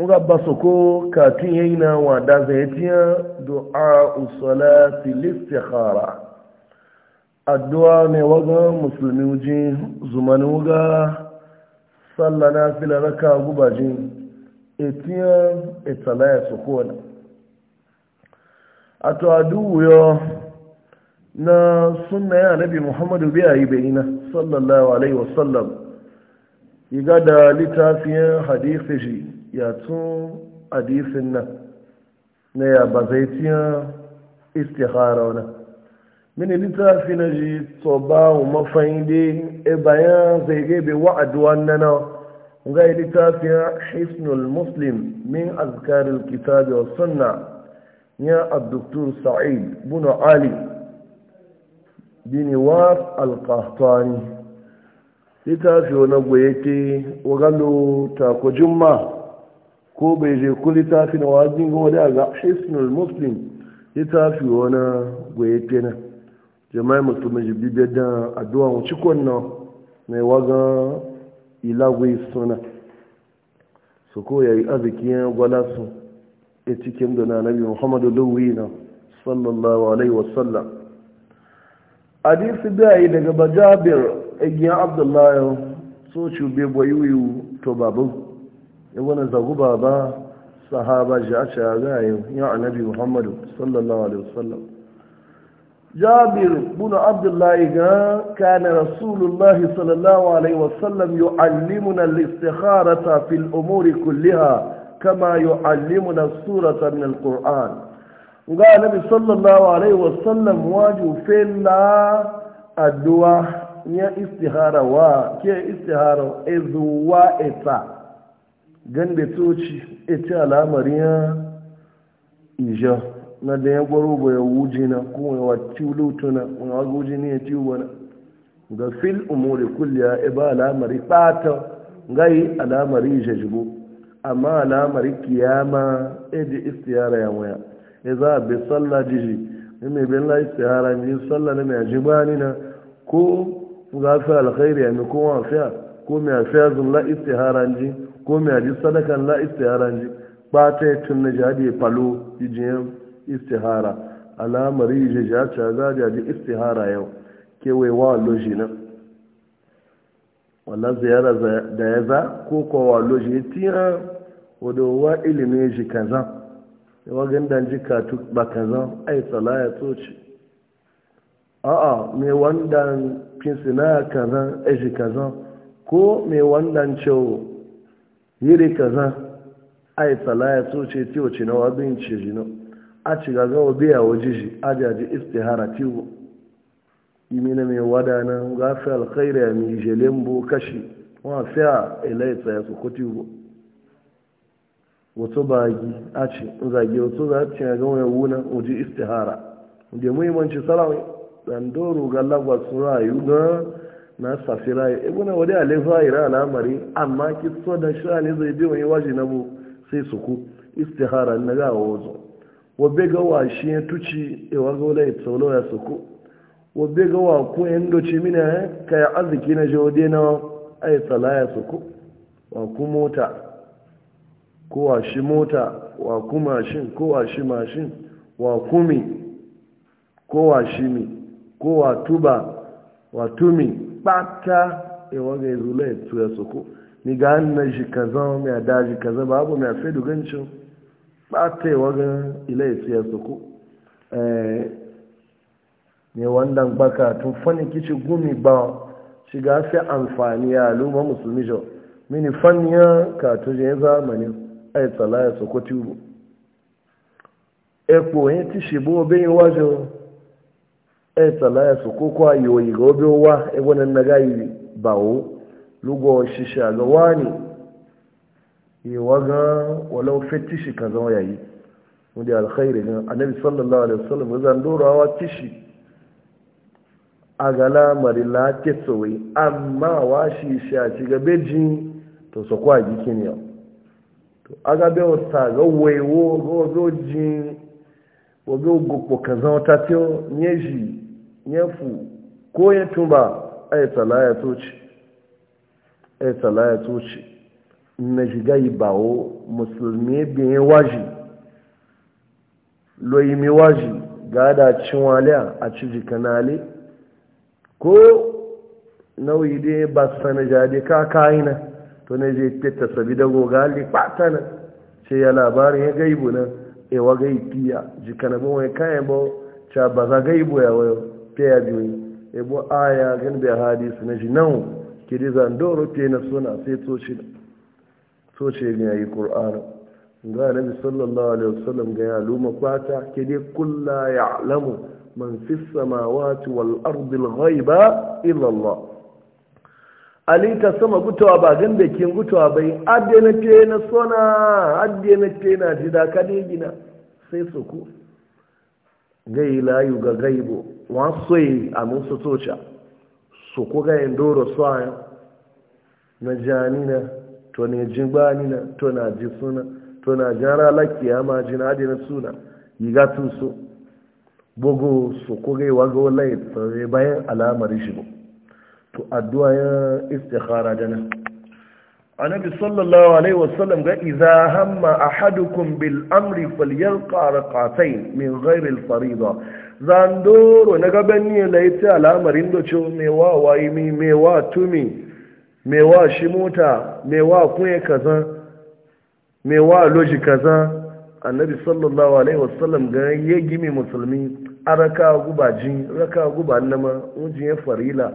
nga baso ko katun yayi na wa da zaitiya du'a usalati listikhara addu'a ne waga musulmi uji zumani waga sallana fila raka gubaji etiya etalaya sokona ato aduwo yo na suna ya nabi muhammadu biya yi bayina sallallahu alaihi wasallam iga da littafin hadisi shi ya tun hadisin nan na ya ba zai tiya istihara wani mini littafi na ji to ba mu mafayin da e bayan zai gebe wa'adu wannan na ga littafi hisnul muslim min azkaril kitabi wa sunna ya abduktur sa'id bin ali biniwar al-qahtani littafi wani goyete wagalo takojin ma ko bai je ku littafi na wajen wani a ga hisnul muslim littafi wani goye pena jama'i musulmi ji bibiyar da addu'a cikon na mai waga ilagwai suna su ko ya yi arzikin gwala su a cikin da na nabi muhammadu lowey na sallallahu alaihi wasallam hadisi da yi daga bajabir igiyan abdullahi so cube boyiwu to babu ibn zaguba ba sahaba ji a shagayen ya annabi muhammadu sallallahu alaihi wasallam jabir bin abdullahi ga kana rasulullahi sallallahu alaihi wasallam yu'allimuna al-istikharata fil umuri kulliha kama yu'allimuna surata min al-qur'an ga annabi sallallahu alaihi wasallam waju fella addu'a ya istihara wa ke istihara izuwa ita gan da toci ita alamari ya ija na da ya gwaro ba ya wuji na kuma ya wati na wani waga wuji ne ya ci na ga fil umuri kulliya e ba al'amari bata gai al'amari ija jibo amma al'amari kiyama edi istiyara ya waya ya e za a bi sallah jiji ne mai bin la istiyara ne tsalla na mai ni na ko ga fi alkhairi ya ko kowa fiya ko mai fiya zun la istihara ji ko mai haji sadakan la istihara ji ba ta yi tun na jadi falo jijiyan istihara alamari ji ja ca za ji istihara yau kewaye wa loji na wala ziyara da ya za ko kowa loji ya tiya wadowa ilimin ji kaza wa gandan ji katu ba kaza ai tsala ya tsoci a'a mai wanda finsina kaza eji kaza ko mai wanda cewa yiri kaza ai tsala ya soce tiwo ci na ce jino a ci gaga wa biya wa jiji ajaji istihara tiwo na mai wada na gafi alkhairi ya mi mbụ kashi wa fiya e ilaita ya su kuti bo wato bagi a ci zage wato za ci ga wani wuna uji istihara da muhimmanci salawai dan doro ga lagos rayu ga na safira ya ibuna wadda a laifa ira al'amari amma ki so da shi ne zai bi wani waje na bu sai su ku istihara na ga wazo wabbe ga wa shi ya tuci ya wa da ya tsaulo ya su ku wabbe ga wa ku yan doci mina ya eh, ya arziki na jode na ai tsala ya su ku wa ku mota ko wa shi mota wa ku mashin ko wa shi mashin wa ku mi, ko wa shi mi, ko wa tuba wa tumi kpata ewa ga izula ya tuya soko ni ga na shi kaza mai da shi kaza babu mai afe dugancin kpata ewa ga ila ya tuya soko ne wanda gbaka tun fani kici gumi ba shi ga fi amfani ya luma musulmi jau mini fanya katuje ya zamani ai e tsala ya soko tubu ekpo yin ti shi bo obin wajen e tala ya ko kwa yoyi ga obi wa e wannan na gayi bawo lugo shisha ga wani yi waga walau fetishi kan zama yayi wanda alkhairi ne annabi sallallahu alaihi wasallam zan dorawa tishi a ga lamarin lafiyar tsawai amma wa shi a ci ga bejin to su kwa jikin yau to a ga bewa ta ga waiwo ga wazo jin wazo gukpo kan zama ta tiyo ne ji. nyefu ko ya tuba a yi ya toci a yi tsala ya toci na shiga yi bawo musulmi biyan waji loyi mi waji ga da cinwaliya a ciji kanale ko nauyi dai ba su sana jade ka kayina to na je fita sabi da gogali patana ce ya labarin ya gaibu nan ewa gaifiya jikana ba wani kayan ba ca ba za gaibu ya wayo ya biyu ebo aya gan bai hadisu na jinan kiri zandoro ke na suna sai toci toci ne ya yi ƙur'anu ga nabi sallallahu alaihi wasallam ga ya luma kwata dai! kulla ya alamu man fi samawati wal ardil ghaiba illa Allah alita sama gutawa ba gan da kin gutawa bai adde na ke na suna adde na ke na jida kade gina sai su ku gai layu ga gaibo wasu yi a musu tocha su ko ga yin doro sa'ayin na janina to ne jin banina to na ji suna to na jara ya ma jina na suna yi gatun su bugu su ko gai wa wala ya tsare bayan alamar shi to addu'a ya da dana annabi sallallahu alaihi wasallam ga idza hamma ahadukum bil amri falyalqa raqatayn min ghairi al farida zandoro na gaban ne laita al'amarin da ce me wa wai mi me wa tumi me wa shi mota me wa kuye kaza me wa loji kaza annabi sallallahu alaihi wasallam ga ya gimi musulmi araka guba jin raka guba nama unjin farila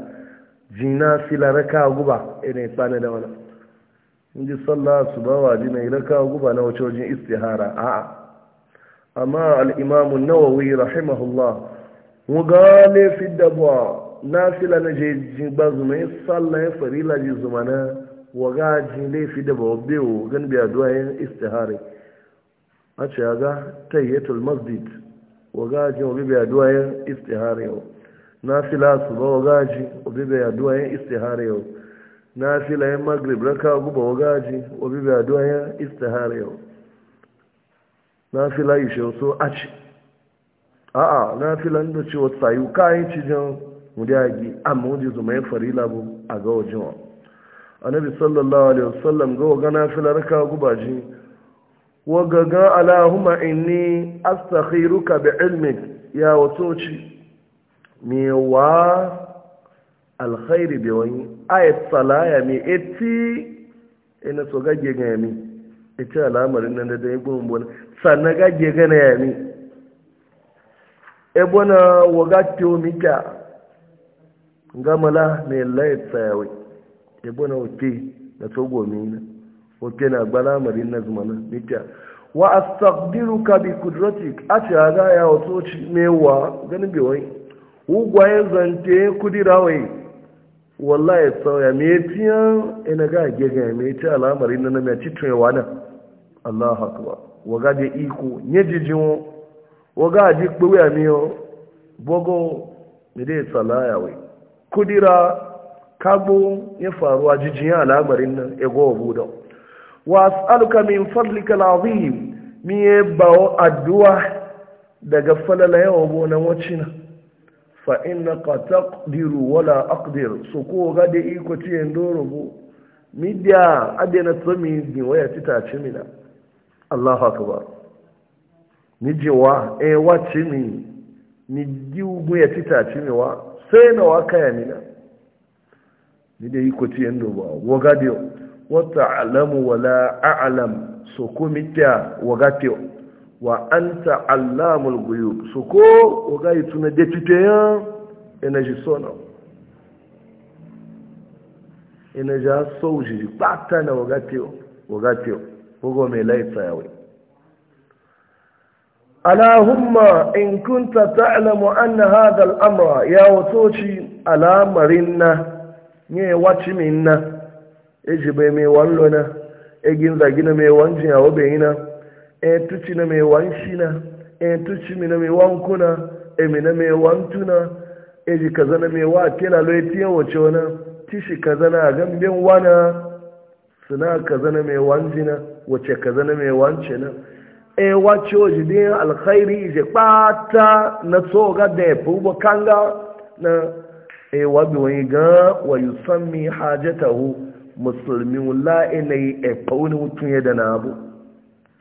jina sila raka guba ina tsana da wala In ji sallah su ba wa mai raka guba na wace wajen istihara a amma al'imamu nawawi rahimahullah wuga laifin dabuwa na fila na je ba zuma yin sallah ya farila ji zuma na waga ji laifin dabuwa biyu gan biya duwa yin istihara a ce ya ga tayyatul masjid waga ji obi biya duwa yin istihara yau na fila su ba waga ji obi biya duwa yin istihara yau na filayen magrib raka guba wagaji wabi bai aduwa ya istihar yau na fila yi shi so a ci a na fila da ce wata sayu kayan cijin mudagi amma wajen zuma ya fari labu a ga wajen wa annabi sallallahu alaihi wasallam ga waga na fila raka guba ji waga ga alahuma inni astakhiruka bi ilmik ya wato ci me wa alkhairi bai wani ayat salaya mai eti ina so gage ga yami ti al'amarin nan da ya gudun bona sannan gage ga na yami e bona waga tiyo mita gamala mai layat sayawai e bona oke na so gomi na oke na gbalamarin na zumana mita wa astaqdiruka bi qudratik ata ga ya wato ci mewa ganin bai wani ugwayen zante kudirawai wallahi tsawaya me tiyan ina ga ya me ti al'amari na na me ci tuyewa na Allahu akbar waga de iko nye jijin waga ji pewe ami o bogo me de salaya we kudira kabo ya faruwa jijin al'amarin nan ego budo was'aluka min fadlika al'azim mi bawo addu'a daga falala yawo bonan wacina fa inna ka taqdiru wala aqdir su ko ga da iko ci en doro bu midya adena mi ni waya tita na. Allahu akbar ni je wa, e wa mi ni diugu ya tita wa sai na waka ya mina ni da iko ci en doro wa ga dio wa ta'lamu wala a'lam su ko midya wa ga dio wa anta allamul guyub su ko ga tuna da tutayen energy sonar ina ja sau shi bata na wagatio kogo mai laitsa yawai alahumma in kunta ta'lamu anna hadha al-amra ya watoci alamarinna ne waci minna ejibe mai wallona egin zagina mai wanjin yawo bayina ɗaya tuci na mai wanshi na ɗaya tuci mi na mai wankuna emi na mai wantuna eji kaza na mai wa kela lo eti yawo ce ti tishi kaza na gambin wana suna kaza na mai wanjina wace kaza na mai wance na e wace ji din alkhairi je kpata na ga da ya fi kanga na e wabi wani ga wa yusammi hajatahu musulmi wula ilai yi e pauni mutum ya da na abu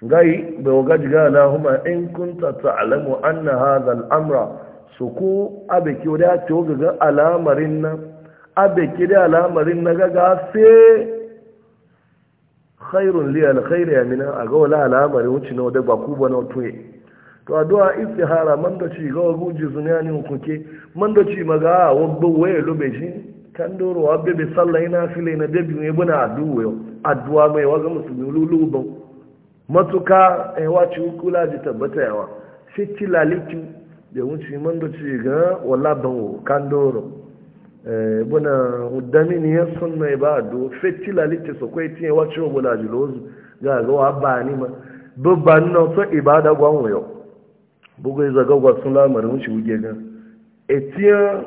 gai bai wagaji gana huma in kunta ta'lamu anna hadha al-amra suku abeki wada to ga alamarin nan abeki da alamarin na gaga fe khairun li al-khair ya mina aga wala alamarin wuce na wada ba ku ba na to to addu'a istihara man da ci ga guji zunani hukunke man da ci maga wabba waye lobe shi kan doro wabbe be sallai na file na dabi ne buna addu'a addu'a mai waga musulmi lulu ban matuka eh, yawa ci kula ji tabbata yawa shi ci lalitu da wuce man da ci ga wala banwo kan doro eh, buna damini ya sunna ba do shi ci lalitu so kai tin yawa ci bula ji lozu ga ga wa ba ni ma dubba na so ibada gwan wayo bugu za ga gwa sun lamar wuce wuge ga etiya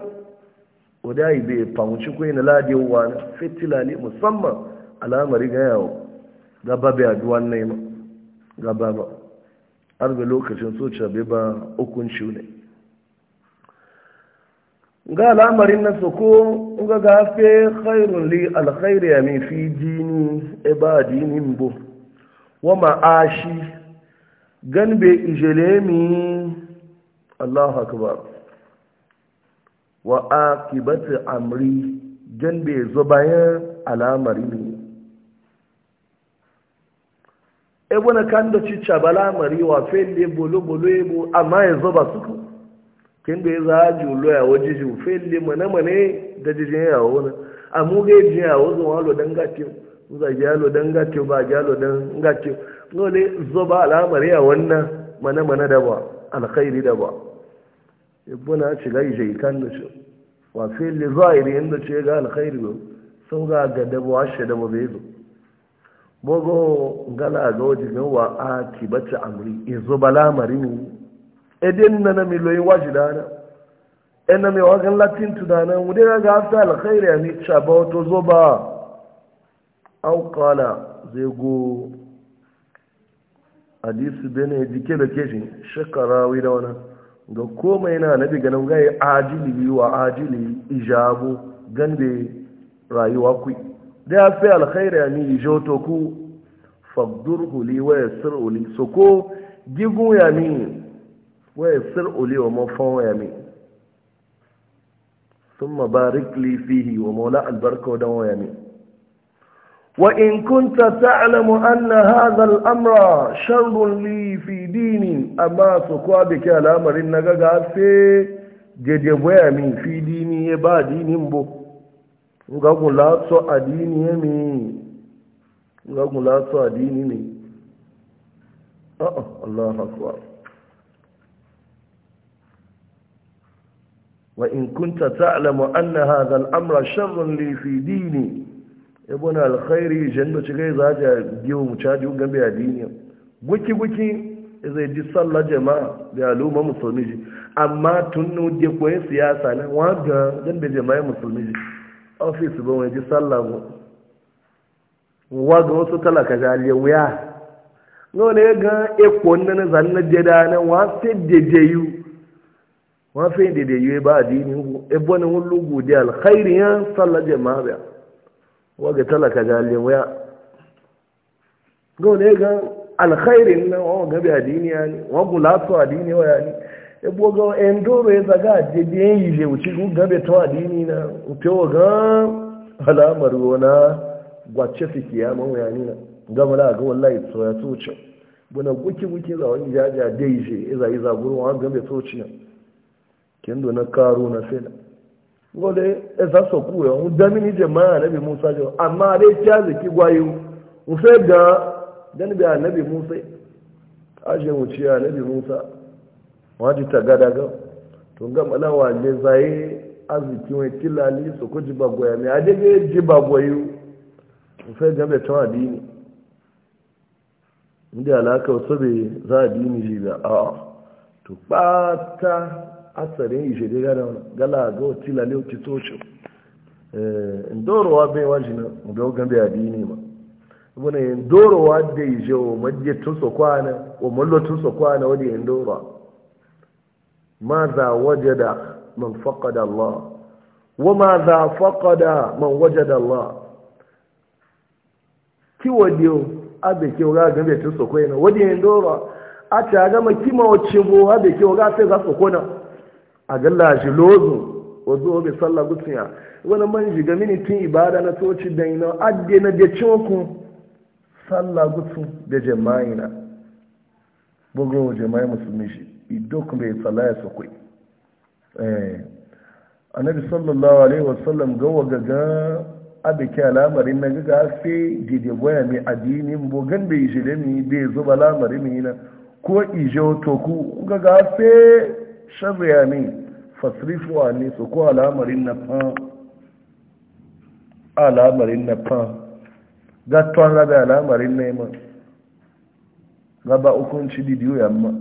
oda ibe pamuci ko ina ladi wa fitila ne musamman alamari ga yawo da babu aduwan ne ma gaba ba har da lokacin soca bai ba hukunci ne ga al'amarin na soko ga gafe khairun li alkhairi ya fi jini e ba dinin bo wa ma'ashi gan be ijele mi allahu akbar wa aqibatu amri gan be zubayan bayan al'amarin ebe na kan da cica bala mari wa fele bolo bolo ebo amma ya ba suku kin da ya za ji ulo ya waje ji fele mana mana da jijin ya wona amma ga jijin ya wazo wa lo dan gati za ya lo dan gati ba ya lo dan gati dole zoba al'amari ya wannan mana mana da ba alkhairi da ba ebe na ci gai je kan da shi wa fele zahiri inda ce ga alkhairi sau ga ga da ba washe da ba zai zo bogo gana ga waje ga wa a kibace amri in zo bala marini edin na na miloyin waji dana en na mai wagan latin tudana wude ga ga afta alkhairi ni chaba to zo ba au qala zai go hadisi bene dike da keshi shakarawi da wani. ga komai na nabi ganin gai ajili wa ajili ijabu ganbe rayuwa kuyi da fi alkhairi mi joto ku fagdurhu huli waya yassir uli so ko gigu ya mi wa yassir uli wa mafan ya mi thumma barik li fihi wa maula albarka wa waya mi wa in kunta ta'lamu anna hadha al-amra sharrun li fi dini amma so ko bi ke al'amarin gaga sai jeje boya mi fi dini e ba dinin bo nga gula so adini yemi nga gula so adini ne a'a ah, ah, Allah akbar wa in kunta ta'lamu anna hadha al-amra sharrun li fi dini ibn e al-khairi jando ce za ta biyo mu caji gambe adini guki guki e zai ji sallah jama'a da al'umma musulmi amma tunnu de koyi siyasa ne wa ga gambe jama'a musulmi ofis ba wani ji sallah ba waga wasu talaka jaliya wuya no ne ga ekwo na zanna jeda na wa se dede yu wa fe dede yu e ba adini hu e bona won lugu de al khairi ya sallah jama'a ba waga talaka jaliya wuya no ne ga al khairin na wa ga bi adini ni wa gula so adini wa ni. ebogo endoro ya zaga dabiyan yi wuce gabe ta adini na upewa ga alamar wana gwace fiki ya mawuya nina gama da ga wallahi tsoya tsoce buna guki guki za wani jaja dai je iza guru wa gabe tsoce na kendo na karo na fela gode esa so ku ya un damini je ma nabi musa jo amma ga bi annabi musa aje mu ci annabi musa wajen ta gada ga to ga malawa ne zaye arziki mai tilali su ku ji bagwaya mai adege ji bagwayo sai gambe tun adini inda alaka wasu bai za a dini ji ba a to ɓata asarin yi shirya gada gala ga tilali o titocin e, ndorowa bai wajina ga gambe adini ma wani ndorowa da yi je o majiyar tun sokwana o mallotun sokwana wani ndorowa ماذا وجد من فقد الله وماذا فقد من وجد الله kiwo dio abe ke ga ga be na wadi en dora a ta ga ma kima wacce bo abe ke ga sai ga sokona a ga la shi lozo wazo be sallah gutsiya wala man ji ga mini tun ibada na toci dan ina adde na de cinku sallah gutsu da jama'ina bugu wa jama'i musulmi shi idok bai tsala ya sakwai annabi sallallahu alaihi wasallam gawa gaga abike alamarin na gaga sai dide goya mai adinin bogan bai jire mi bai zuba lamarin mi na ko ije ku gaga sai shari'a mi fasrifu a ne su ko alamarin na fa alamarin na fa gatuwan rabe alamarin na yi gaba hukunci didiyo yamma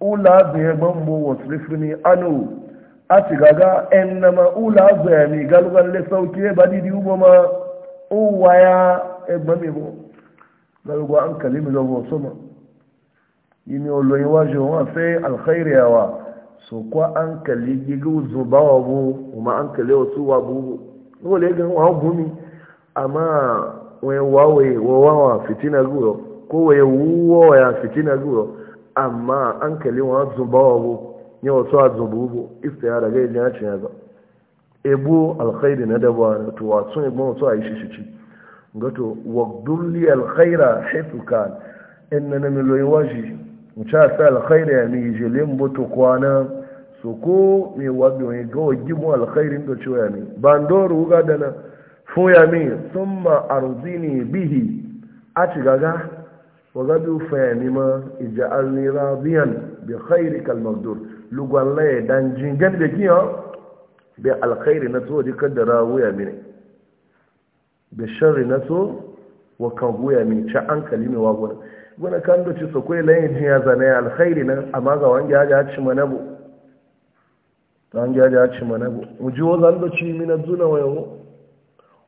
ula zai gbambo wasu rifini anu a ci gaga en nama ula zai mi galgan le sauke ba didiyo ba ma uwa ya egba mi bo galgwa an kalimi da wasu ma yi ne oloyin waje wa sai alkhairi yawa so kwa an kalli gigi zuba wa bu kuma an kalli wasu wa bu wale gan wa gumi amma wa wawe wa wawa fitina guyo kowa ya wuwa ya na zuwa amma an kalli wa zubawa bu yawa su a zubu bu ista ya raga ilin yacin ya za ebu alkhairi na daba na tuwa sun ibu wasu a yi shi shi gato wagdulli alkhaira haifuka in na namiloyi waji mutu a sa alkhairi ya mai je jelin butu kwana So ko mai wabi wani gawa ga alkhairin da cewa ya mai bandoro wuga da na foya mai sun ma arzini bihi a ci gaga wagabi fayani ma ija'alni radiyan bi khairi kal mabdur lugan laye dan jingan da kiyo bi alkhairi na to di kaddara wuya mini bi sharri na to wa kan wuya min cha an kalimi wa gona gona kan do ci sokoi laye ya zane alkhairi na amma ga wanda ya ci manabu to an ga ya ci manabu mu ji wa zan do ci min azuna wa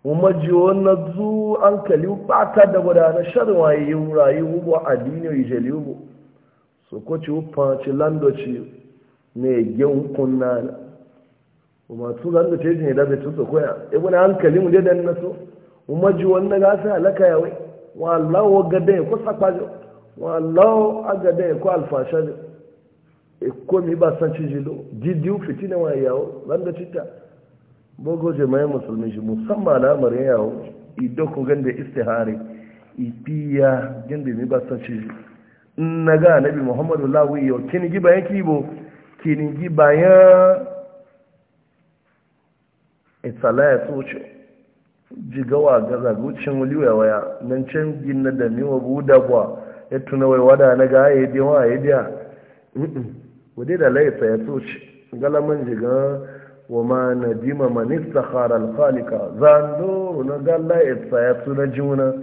umarjiwon na zu an kaliu bata da wadana sharwa yi rayu ubu adini yi jeli ubu so ko ci upa ci lando ci ne gen kunna na kuma su lando ci ne da bitu so koya ibn e an kaliu da dan naso umarjiwon na gasa alaka yawe wallahu gade ko sakwajo wallahu agade ko alfashajo e ko mi ba san ci jilo didiu fitina wa yawo lando ci ta bogo jama'in musulmi shi musamman al’amari yawo idan ku ganda istihari ifiya ganda mai ba san shi na ga nabi muhammadu lawi yau kini gi bayan kibo kini gi bayan itsala ya tsoce jigawa ga zagucin wuliwa waya nan can gina da miwa buda buwa ya tuna wai wada na ga ya yi biya wa ya biya wadai da laifin ya tsoce galaman jigan وما نجم من استخار الخالق زاندور لا اتسايات نجونا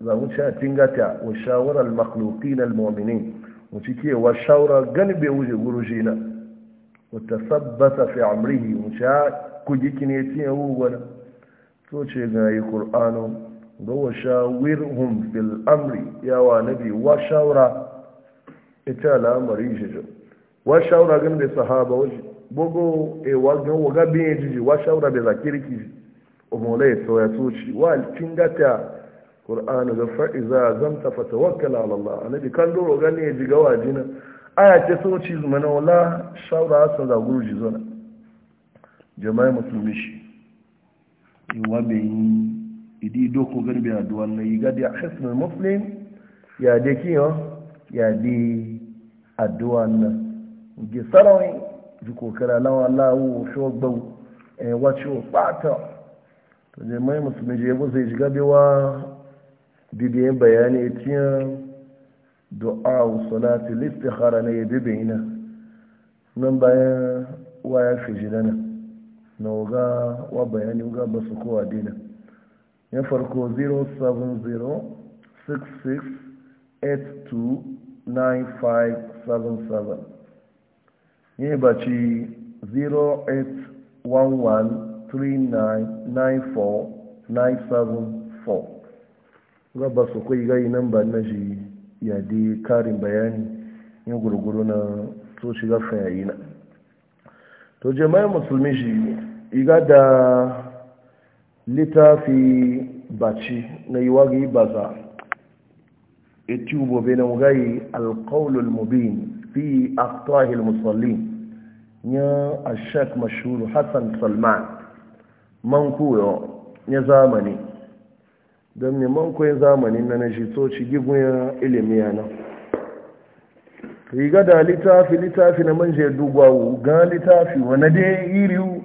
زمو شا تنغتا وشاور المخلوقين المؤمنين وشكي وشاور قنب وجه قروجينا وتثبت في عمره وشا كجيكي نيتي أولا سوچي غاي قران وشاورهم في الامر يا نبي وشاورا اتلا مريجه وشاورا قنب صحابه وجه bogo e wagan waga bin ya e, jiji wa shawara bai za kirki umola ya sauya soci wa cin gata ƙur'anu ga fa'iza zan tafa tawakkala Allah annabi kan doro gani ya e, ji gawa jina aya ce soci mana wala shawara san za guruji zona jama'a musulmi shi yiwa bai yi idi doko gani bai aduwa na yi gadi a hasmin muslim ya de kiyo ya de aduwa na gisarawin ji kokara lawa lawo sho gbau e wacho pato to je mai musulmi je bu sai shiga biwa didiyen bayani tiya du'a salati listikhara ne bibina nan bayan waya fijilana na ga wa bayani ga basu kowa dina ya farko 070 66 829577 yin ba ci 08113994974 gaba su kai gai nan ba na shi ya karin bayani yin gurguru na so shiga fayayi na to jama'a musulmi shi iga da littafi baci na yi wagi baza iti ubobe na mugayi alkaulul mubin fi aftahil musallin a ashek mashuru hassan salman man kuyo ya zamani don ne man koyi zamani na na shi toci gigun ya ilimi yana riga da littafi littafi na manje dugwawo ga littafi wani dai iriu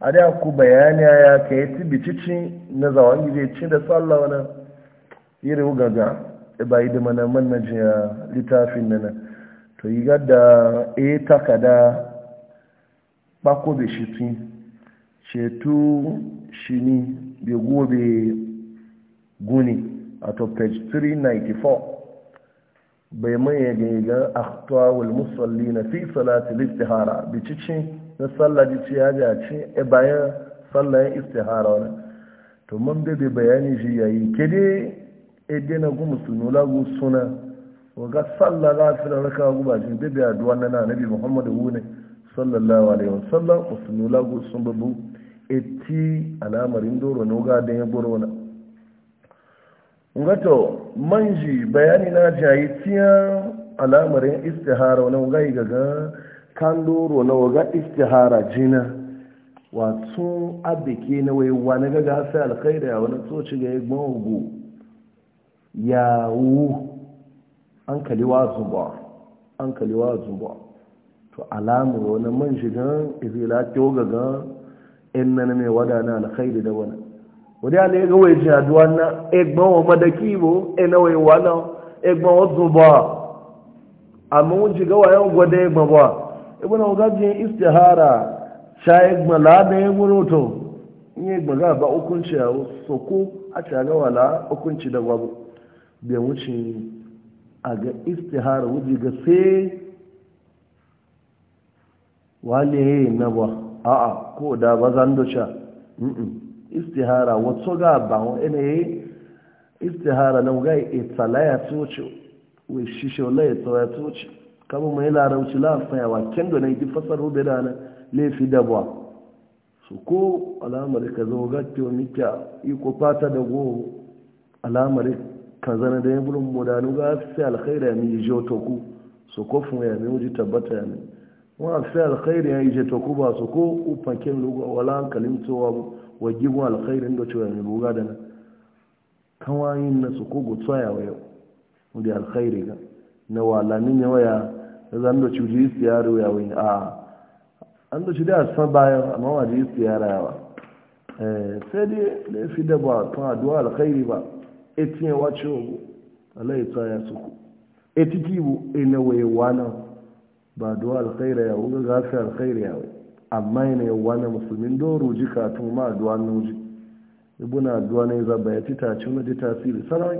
a da ku bayani ya ka yi tibicici na zawon gije ci da tsalla wani iriu gaga e ba yi dama man na jiya littafin nana to yi gada e takada bako be shiti shetu shini be gobe guni ato page 394 bai maye gangan akhtuwa wal musalli na fi salatul istihara bi cikin na sallaji ce ya jace e bayan sallayin istihara wani to man bebe bayani shi yayi kede ede na gu musulmi lagu suna waga sallah lafiyar raka guba shi bebe a duwan na nabi muhammadu wune sallallahu alaihi wasallam musulmi lagu sun babu eti alamarin doro no ga da ya boro na ngato manji bayani na jayi tiya alamarin istihara wani ga yi gaga kan doro na uga istihara jina wato abike na wai wani gaga sai alkhairi a wani tsoci ga yagban ya yawo an kaliwa zuba an kaliwa zuba to alamu wani man shigan izila kyau gaga in na mai wada alkhairi da wani wani ala ya gawai ji aduwa na egbon eh, wa madaki bo ina eh, wai wana egbon wa eh, zuba amma mun shiga wa yan gwada egbon ba ibn ogajin istihara sha egbon la da ya muroto in egbon a ba hukunci a soko a shaga wala hukunci da babu bai wuce a ga istihara wuji ga sai wale ya yi na ba a'a ko da ba zan doca istihara wato ga ba wani yi istihara na ga itsala e ya toce wai shishola e ya tsawa ya toce kama mai larauci lafaya wa kendo na yi fasar rube da na laifi da ba su ko alamar ka zo ga tiyomika iko fata da go alamar ka zana da ya burin modanu ga fi alkhaira ya mi jiyo toku su kofin ya mi wuji tabbata ya mi wa fi alkhairi ya yi je to ku ba su ko ufakin wala hankalin tsowa wa alkhairin da cewa mai buga da nan kawayin na su ko gutsaya wa yau da alkhairi ga na walanin ya waya da zan da cuji istiyar ya wani a an da shi da san amma waje istiyar yawa sai dai da ya fi da ba tun addu'a alkhairi ba etinye wace ogo Allah ya su ku etiki bu ina waye wanan ba duwa alkhairu ya wuga gafi alkhairu ya wai amma yana yawa na musulmin doro ji katun ma duwa na wuji ibuna duwa na yi zaba ya ci tace na ji tasiri sarai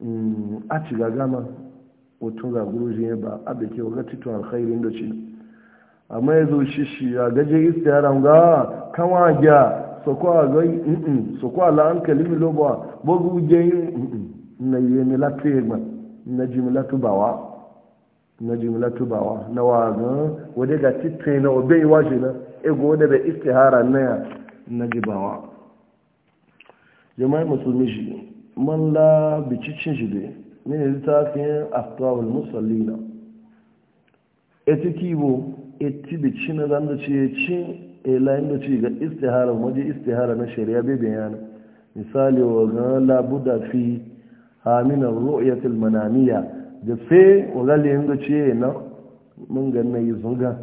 mm, a ci gagama wato ga guruji ne ba abu ke waga titun alkhairin da ci amma ya zo shi shi ya gaje istiyaran ga kama gya soko a gai mm soko ala an kalimi lobo bogu yi na yi milatu ya gba na ji milatu bawa na jimla tubawa na wazo wadda ga titin na obe iwaji na ego wadda bai istihara na ya na jibawa jama'i musulmi shi man la bicicin shi ne fi yin aftawar musalli na etiki bu eti bici na zan da ce cin elayin da ce ga istihara waje istihara na shari'a bai bayan misali wa ga labuda fi haminar ru'yatul manamiya da fe wangali yin ciye na mun ganna yi zunga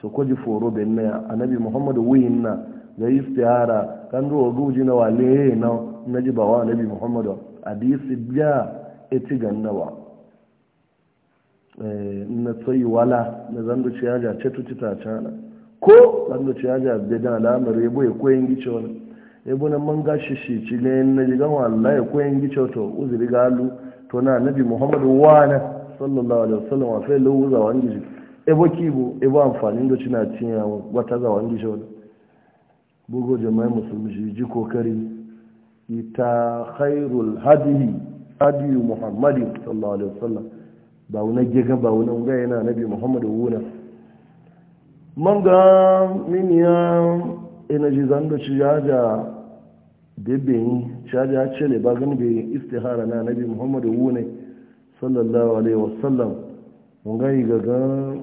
so ko ji foro ben na anabi muhammadu wuyin na da istihara kan ruwa ruji na wale na na ji bawa anabi muhammadu hadisi biya eti gannawa eh, na tsayi wala na zando ciya ja ce tuti ta cana ko zando ciya ja bidan al'amari ya boye koyin gice wani ya bu na man gashi shi ci ne na jigan wallahi koyin gice to uzuri galu to na nabi muhammadu wa na. sallallahu alaihi wasallam wa fai lau za wani gishi ebo E ebo amfanin da cina cinya wata za wani gishi wani bugu jama'i musulmi shi ji kokari ita khairul hadihi hadiyu muhammadu sallallahu alaihi wasallam ba wuna gega ba wuna ga yana nabi muhammadu wuna man ga miniyan energy zan da ja jaja bebe caji ya ce ne ba gani bai istihara na nabi muhammadu wune sallallahu alaihi wasallam mun gani gaga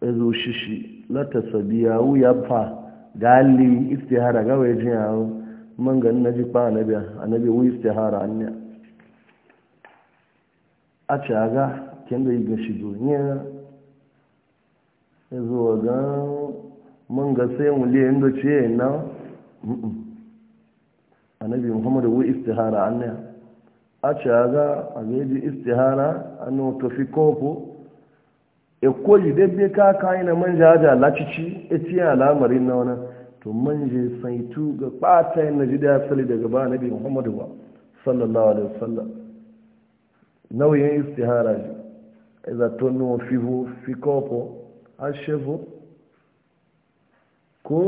ezo shishi lata sabiya wuya fa gali istihara gawa jin yawo man gani na ji fa annabi annabi wu istihara anya a caga kin kenda yi gashi duniya ezo gan. mun ga sai ya le inda ce na annabi muhammadu wa istihara annaya a ce ga a gaji istihara an to fi kofo e koji dabbe ka kai na manja haja lacici e ci al'amarin na wani to manje saitu ga ɓata yin naji da asali daga ba annabi muhammadu ba sallallahu alaihi wasallam nauyin istihara ji izaton e nuwa fivo fi kofo a shevo ko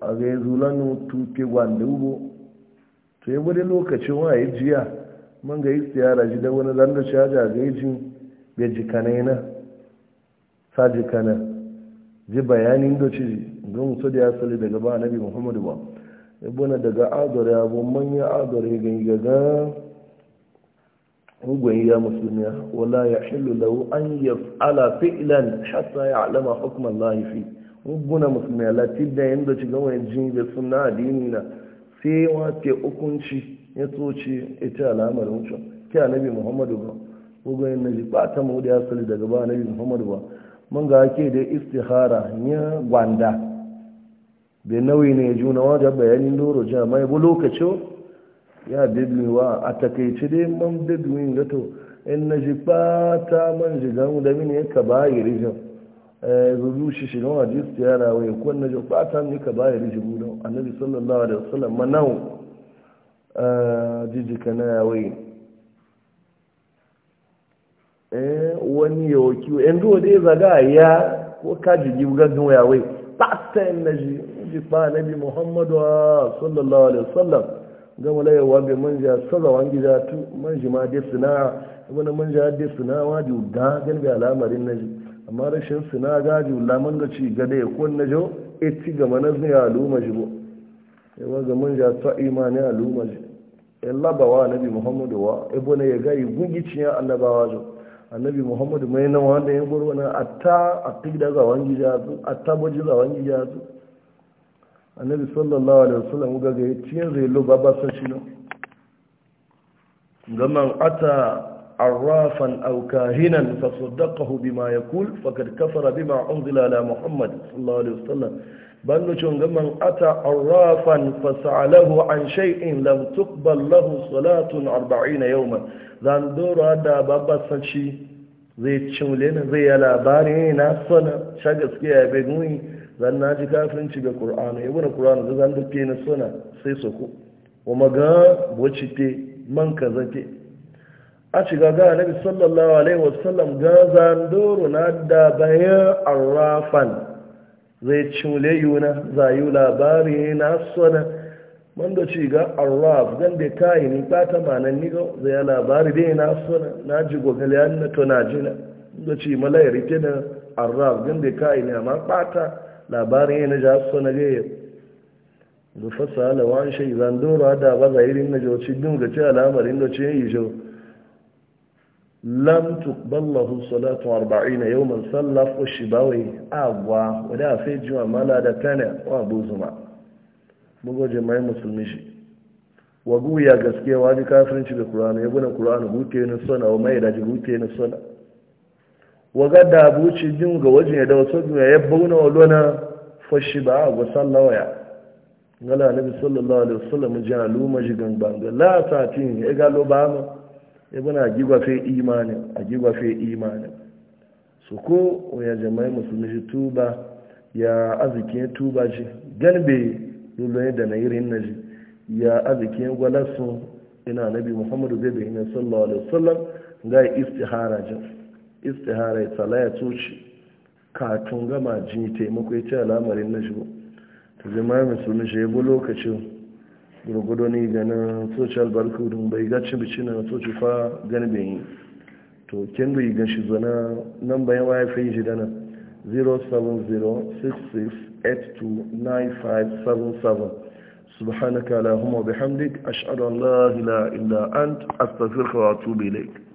a ga yanzu lanu tuke gwanda ugbo to yi wani lokacin wa yi jiya man ga yi tsiyara ji da wani zanda caja ga yi jin bai jikana yana sa jikana ji bayanin da ci don musu da ya sali daga ba nabi muhammadu ba ibuna daga adore abu manya adore gaga ugun ya musulmi wala ya hillu lahu an yi ala fi'ilan hatta ya alama hukumar lahifi. guna musulmai latin da yadda ci wani jin da suna addini na sai wa ke hukunci ya tsoci ita alamar wucin ke anabi muhammadu ba gugun na ji bata mu da asali daga ba anabi muhammadu ba mun ga ake da istihara ya gwanda da nauyi ne juna wajen bayanin doro jama'i bu lokaci ya bidmiwa a takaice dai man bidmin gato in na ji ta man jigan da mini ya ka bayi rijin zuzushi shi don hadis ta yana wai kun na jau fata ne ka ba ya riji budo annabi sallallahu alaihi wasallam manau jijika na ya waye eh, wani ya wakiyo yan duwa dai zaga ya ko ka jigi gaggan ya wai fata yin na ji ji fa nabi muhammadu sallallahu alaihi wasallam gama laye wa bai manja saza wangi da tu manji ma dai suna wani manja dai suna da ganin bai al'amarin na ji amma rashin na gaji lamun da ci gade ya kunna jo eti ga manar ne a luma shi ya e wa ga mun ja ta imani a luma shi in e labawa nabi muhammadu wa ibo e na ya gayi gungiciyar annabawa jau annabi muhammadu mai na wanda ya gurwa na atta a da za wangi jazu atta baji za wangi jazu annabi sallallahu alaihi wasallam ga ga ya ciyar zai lo babba shi no gaman ata عرافا أو كاهنا فصدقه بما يقول فقد كفر بما أنزل على محمد صلى الله عليه وسلم بل نشون من أتى عرافا فسأله عن شيء لم تقبل له صلاة أربعين يوما ذان دور هذا بابا سنشي zai cimulena zai ya labari na sana sha gaskiya bai nuni zan na ji kafin ci ga ƙur'anu ya wani ƙur'anu da zan sai soko wa maga bocite man ka a shiga ga nabi sallallahu alaihi wasallam ga zandoro na da bayan arrafan zai cule yuna yi labari na sona wanda ci ga arraf zan da kayi ni bata manan ni ga zai labari dai na sona na ji gogali an na tona jina wanda ci malai rike na arraf zan da kayi ni amma bata labari na ja sona ga da fasala wa an shi zandoro da ba zairin na joci ga ci alamar inda ci yi jo lam tuqballahu salatu 40 yawman sallaf wa shibawi agwa wada fe juma mala da tana wa mugo je mai musulmi shi wa ya gaskiya wa ji kafirinci da qur'ani yabuna qur'ani hute ne sona wa mai da ji hute ne sona wa gadda buci jin ga waje da wasu ya yabbauna wa lona fa shiba wa sallawa ya ngala nabi sallallahu alaihi wasallam jalu majigan banga la tin e galo ba mu ibina agigwafe imanin agigwafe imanin su ko ya jama'ai musulmi shi tuba ya arzikin tuba ji ganbe lulluwa da na irin na ji ya arzikin gwalasun ina nabi muhammadu bebe ina sallallahu alaihi wasallam ga ya istihara ji istihara ya tsala ya toci katun gama ji taimako ya ce al'amarin na shi ta jama'ai musulmi ji ya bu lokacin gurgudu ne ganin social barcoding bai gaci bici na soci fa gani bai yi to ken bai gan shi zana nan bayan waya fi shi dana 07066829577 subhanaka allahumma bihamdik ashhadu an la ilaha illa ant astaghfiruka wa atubu ilayk